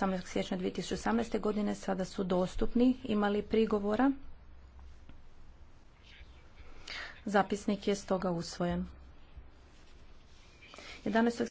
18. siječnja 2018. godine sada su dostupni. Imali prigovora? Zapisnik je stoga usvojen. 11.